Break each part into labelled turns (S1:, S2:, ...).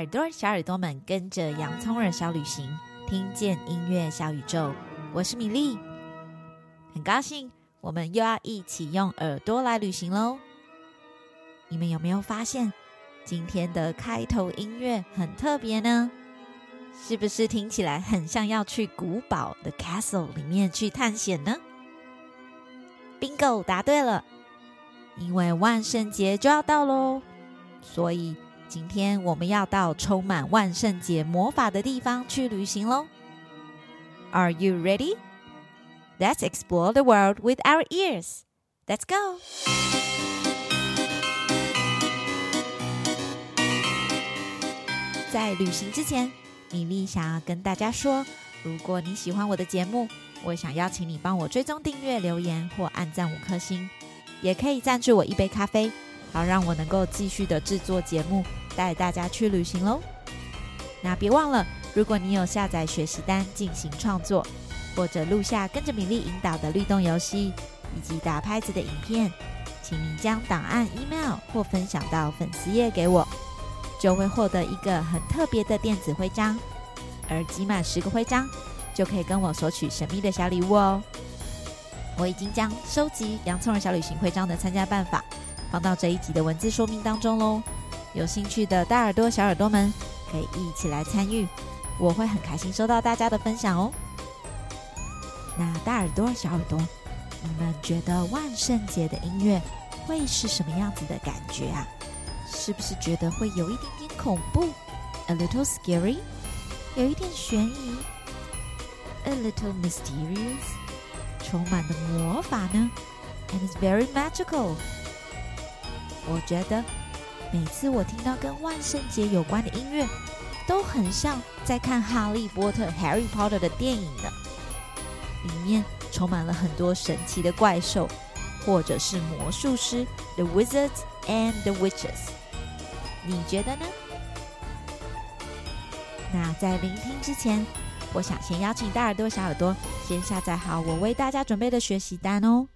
S1: 耳朵，小耳朵們跟着洋蔥耳小旅行，聽見音樂小宇宙。我是米粒，很高興我們又要一起用耳朵來旅行嘍。你們有沒有發現今天的開頭音樂很特別呢？是不是聽起來很像要去古堡的 castle 裡面去探險呢？Bingo，答對了！因為萬聖節就要到嘍，所以。今天我們要到充滿萬聖節魔法的地方去旅行嘍！Are you ready? Let's explore the world with our ears. Let's go. 在旅行之前，米粒想要跟大家說：如果你喜歡我的節目，我想邀請你幫我追蹤、訂閱、留言或按讚五顆星，也可以贊助我一杯咖啡。好，讓我能夠繼續的制作節目，帶大家去旅行嘍。那別忘了，如果你有下載學習單進行創作，或者錄下跟着米粒引導的律動遊戲以及打拍子的影片，請您將檔案 email 或分享到粉絲頁給我，就會獲得一個很特別的電子徽章。而集滿十個徽章，就可以跟我索取神秘的小禮物哦。我已經將收集洋蔥耳小旅行徽章的參加辦法。放到這一集的文字說明當中嘍。有興趣的大耳朵、小耳朵們，可以一起來參與，我會很開心收到大家的分享哦。那大耳朵、小耳朵，你們覺得萬聖節的音樂會是什麼樣子的感覺啊？是不是覺得會有一點點恐怖？A little scary，有一點懸疑？A little mysterious，充滿了魔法呢？And it's very magical。我覺得，每次我聽到跟萬聖節有關的音樂，都很像在看《哈利波特》（Harry Potter） 的電影呢。裡面充滿了很多神奇的怪獸，或者是魔術師 （The Wizards and the Witches）。你覺得呢？那在聆聽之前，我想先邀請大耳朵、小耳朵先下載好我為大家準備的學習單哦。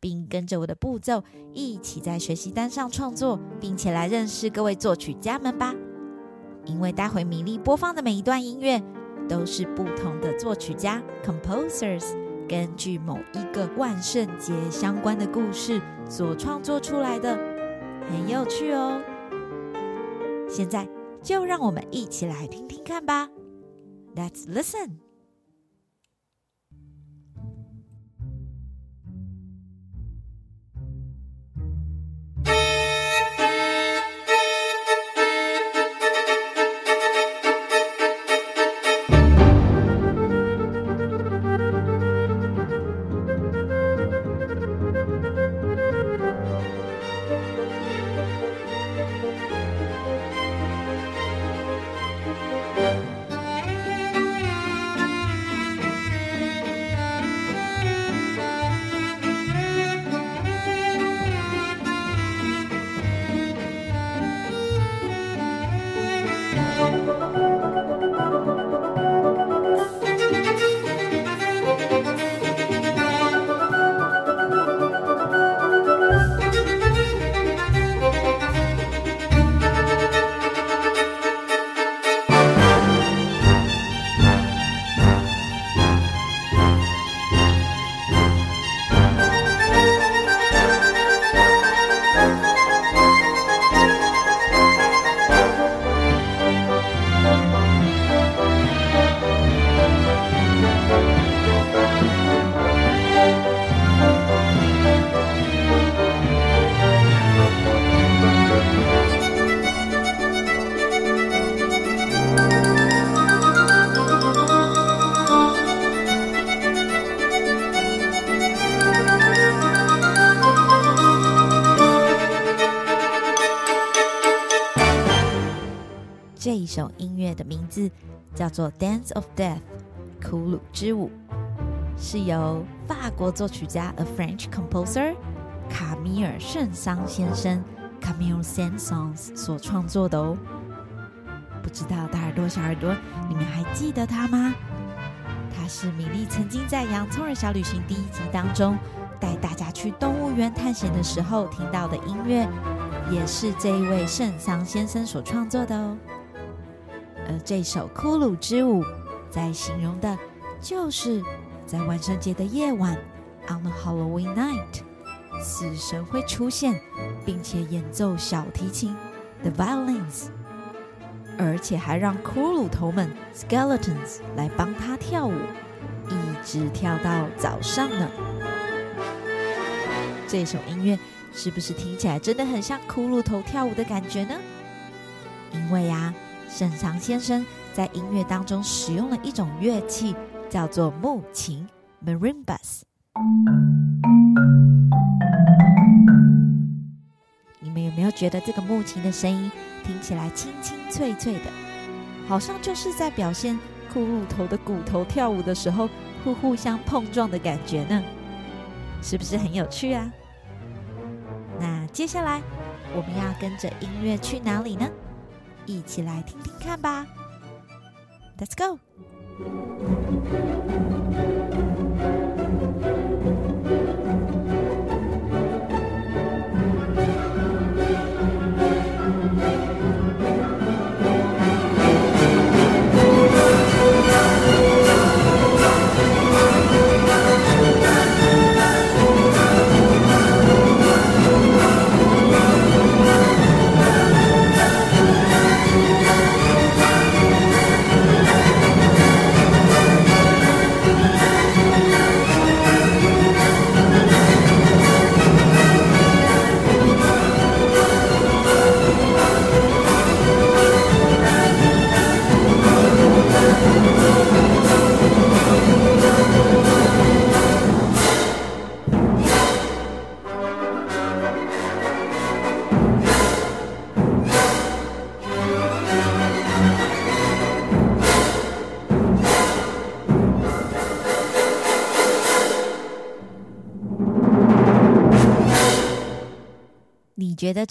S1: 並跟着我的步驟，一起在學習單上創作，並且來認識各位作曲家們吧。因為待會米粒播放的每一段音樂，都是不同的作曲家 （composers） 根據某一個萬聖節相關的故事所創作出來的，很有趣哦。現在就讓我們一起來聽聽看吧。Let's listen. 這一首音樂的名字叫做《Dance of Death》，《骷髏之舞》，是由法國作曲家 A French Composer 卡米爾聖桑先生 （Camille s a n d s o n n s 所創作的哦。不知道大耳朵小耳朵，你們還記得他嗎？他是米莉曾經在《洋蔥人小旅行》第一集當中帶大家去動物園探險的時候聽到的音樂，也是這一位聖桑先生所創作的哦。而這首《骷髏之舞》在形容的，就是在萬聖節的夜晚，On the Halloween night，死神會出現，並且演奏小提琴，The violins，而且還讓骷髏頭們，Skeletons，來幫他跳舞，一直跳到早上呢。這首音樂是不是聽起來真的很像骷髏頭跳舞的感覺呢？因為呀、啊。聖桑先生在音樂當中使用了一種樂器，叫做木琴 （marimbas）。你們有沒有覺得這個木琴的聲音聽起來清清脆脆的？好像就是在表現骷髏頭的骨頭跳舞的時候會互相碰撞的感覺呢？是不是很有趣啊？那接下來我們要跟着音樂去哪裡呢？一起來聽聽看吧，Let's go。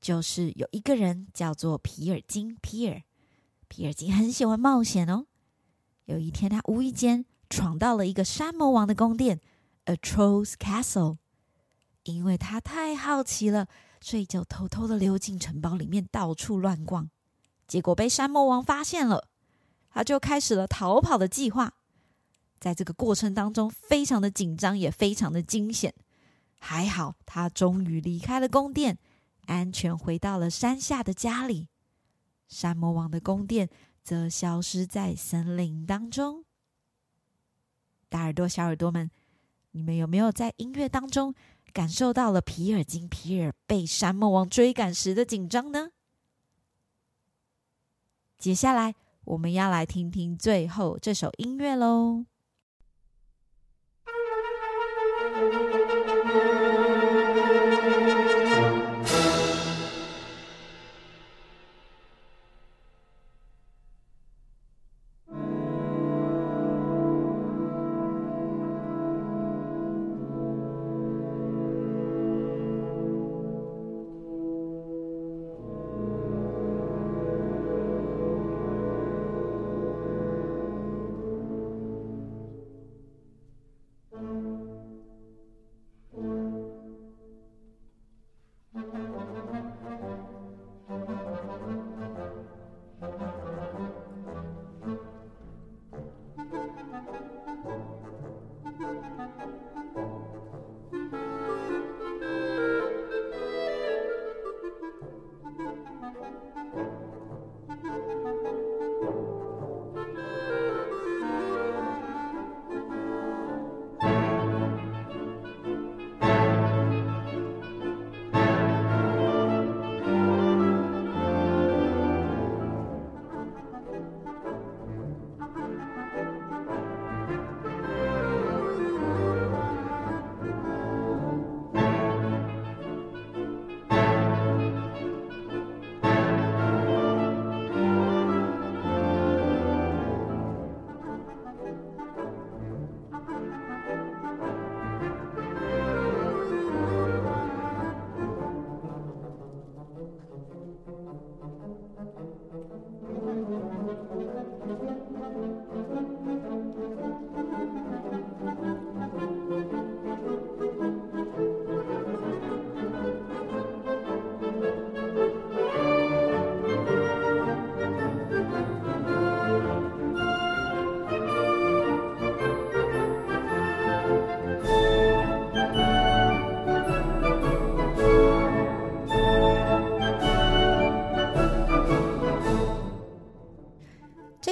S1: 就是有一個人叫做皮爾金皮爾，皮爾金很喜歡冒險哦。有一天，他無意間闖到了一個山魔王的宮殿 ——A Troll's Castle， 因為他太好奇了，所以就偷偷的溜進城堡裡面到處亂逛。結果被山魔王發現了，他就開始了逃跑的計劃。在這個過程當中，非常的緊張，也非常的驚險。還好，他終於離開了宮殿。安全回到了山下的家裡，山魔王的宮殿則消失在森林當中。大耳朵、小耳朵們，你們有沒有在音樂當中感受到了皮爾金皮爾被山魔王追趕時的緊張呢？接下來我們要來聽聽最後這首音樂嘍。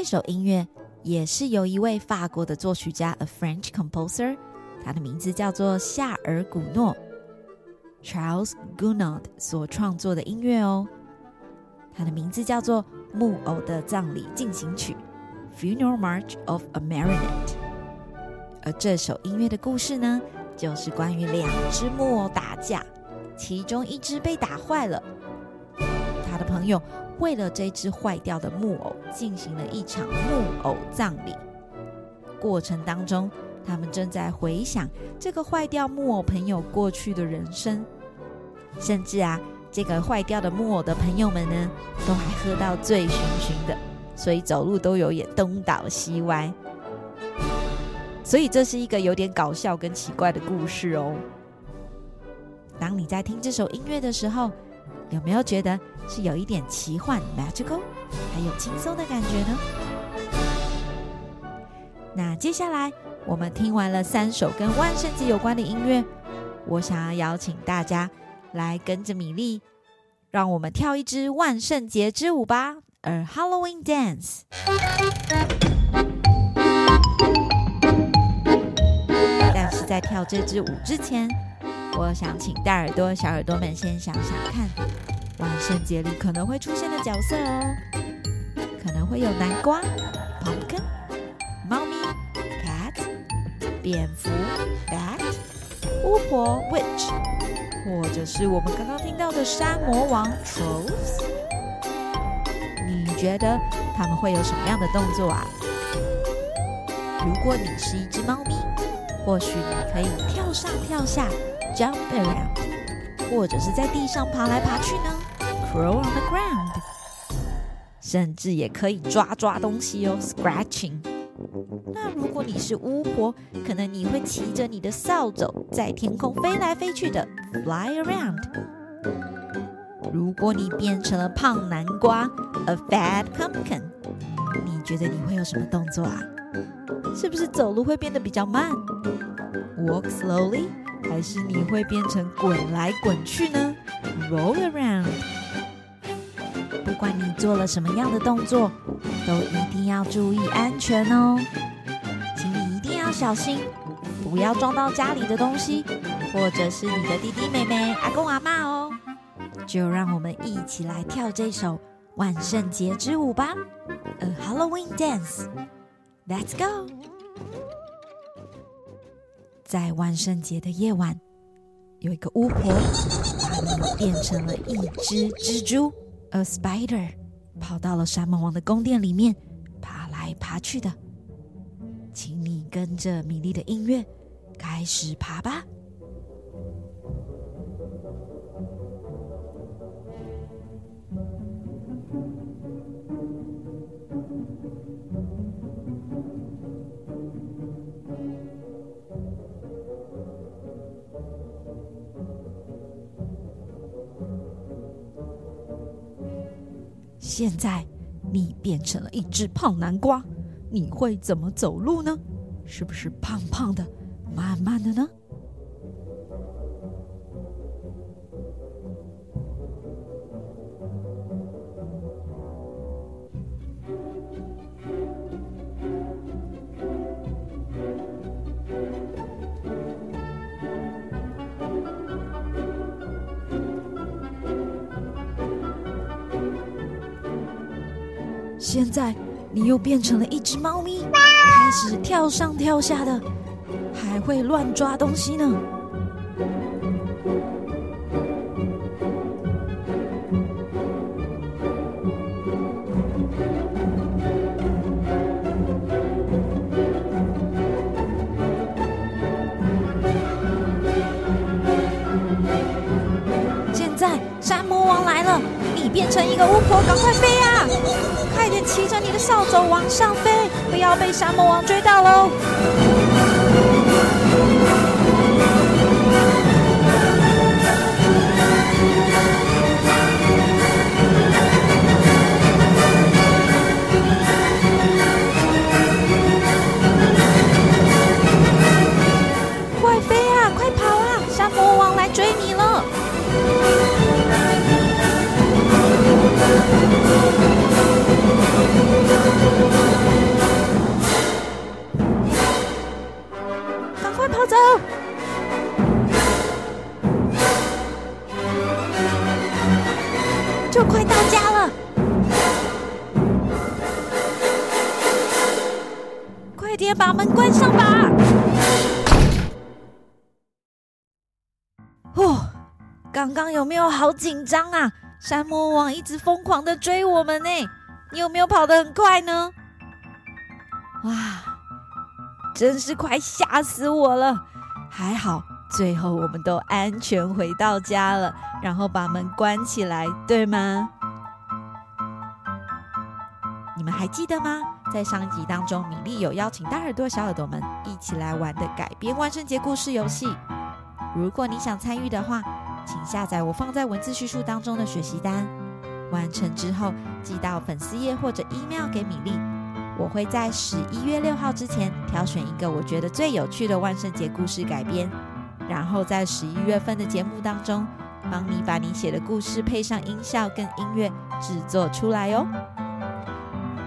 S1: 這首音樂也是由一位法國的作曲家，a French composer，他的名字叫做夏爾·古諾 （Charles Gounod） 所創作的音樂哦。他的名字叫做《木偶的葬禮進行曲》（Funeral March of a Marionette）。而這首音樂的故事呢，就是關於兩隻木偶打架，其中一隻被打壞了。朋友為了這只壞掉的木偶進行了一場木偶葬禮，過程當中，他們正在回想這個壞掉木偶朋友過去的人生，甚至啊，這個壞掉的木偶的朋友們呢，都還喝到醉醺醺的，所以走路都有點東倒西歪。所以這是一個有點搞笑跟奇怪的故事哦。當你在聽這首音樂的時候，有沒有覺得是有一點奇幻 magical，還有輕鬆的感覺呢？那接下來我們聽完了三首跟萬聖節有關的音樂，我想要邀請大家來跟着米粒，讓我們跳一支萬聖節之舞吧，A Halloween Dance。但是在跳這支舞之前。我想請大耳朵、小耳朵們先想想看，萬聖節裡可能會出現的角色哦，可能會有南瓜 pumpkin、貓咪 cat、蝙蝠 bat、巫婆 witch，或者是我們剛剛聽到的山魔王 trolls。Tr 你覺得他們會有什麼樣的動作啊？如果你是一隻貓咪，或許你可以跳上跳下。Jump around，或者是在地上爬來爬去呢，crawl on the ground，甚至也可以抓抓東西哦，scratching。
S2: 那如果你是
S1: 巫婆，可能你會騎着你的掃帚在天空飛來飛去的，fly around。如果你變成了胖南瓜，a fat pumpkin，你覺得你會有什麼動作啊？是不是走路會變得比較慢？walk slowly。還是你會變成滾來滾去呢？Roll around。不管你做了什麼樣的動作，都一定要注意安全哦。請你一定要小心，不要撞到家裡的東西，或者是你的弟弟妹妹、阿公阿嬤哦。就讓我們一起來跳這首萬聖節之舞吧，A Halloween dance。Let's go。在萬聖節的夜晚，有一個巫婆把你變成了一隻蜘蛛，a spider，跑到了山魔王的宮殿裡面，爬來爬去的。請你跟着米莉的音樂開始爬吧。現在你變成了一隻胖南瓜，你會怎麼走路呢？是不是胖胖的，慢慢的呢？現在你又變成了一隻貓咪，開始跳上跳下的，還會亂抓東西呢。變成一個巫婆，趕快飛呀！快點騎着你的掃帚往上飛，不要被山魔王追到嘍！有沒有好緊張啊？山魔王一直瘋狂的追我們呢，你有沒有跑得很快呢？哇，真是快嚇死我了！還好最後我們都安全回到家了，然後把門關起來，對嗎？你們還記得嗎？在上集當中，米粒有邀請大耳朵小耳朵們一起來玩的改編萬聖節故事遊戲。如果你想參與的話，請下載我放在文字敘述當中的學習單，完成之後寄到粉絲頁或者 email 給米粒，我會在十一月六號之前挑選一個我覺得最有趣的萬聖節故事改編，然後在十一月份的節目當中幫你把你寫的故事配上音效跟音樂製作出來哦。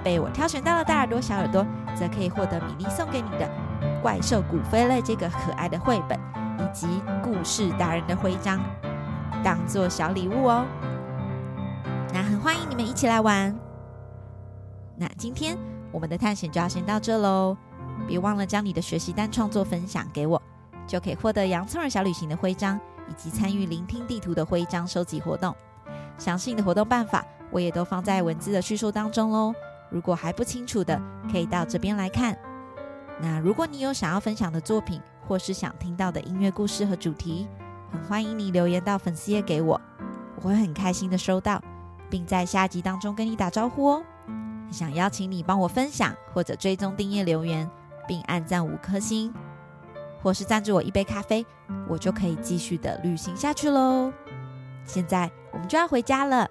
S1: 被我挑選到的大耳朵、小耳朵則可以獲得米粒送給你的《怪獸古飛類》這個可愛的繪本以及故事達人的徽章。當做小禮物哦，那很歡迎你們一起來玩。那今天我們的探險就要先到這嘍，別忘了將你的學習單創作分享給我，就可以獲得《洋蔥耳小旅行》的徽章以及參與聆聽地圖的徽章收集活動。詳細的活動辦法我也都放在文字的敘述當中嘍。如果還不清楚的，可以到這邊來看。那如果你有想要分享的作品，或是想聽到的音樂故事和主題，很歡迎你留言到粉絲頁給我，我會很開心的收到，並在下集當中跟你打招呼哦。想邀請你幫我分享或者追蹤訂閱留言，並按讚五顆星，或是贊助我一杯咖啡，我就可以繼續的旅行下去嘍。現在我們就要回家了，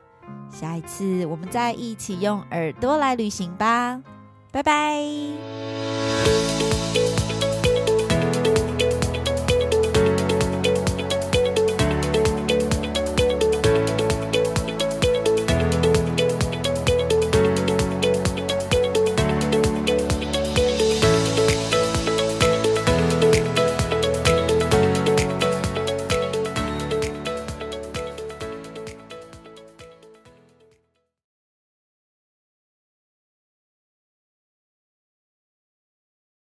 S1: 下一次我們再一起用耳朵來旅行吧，拜拜。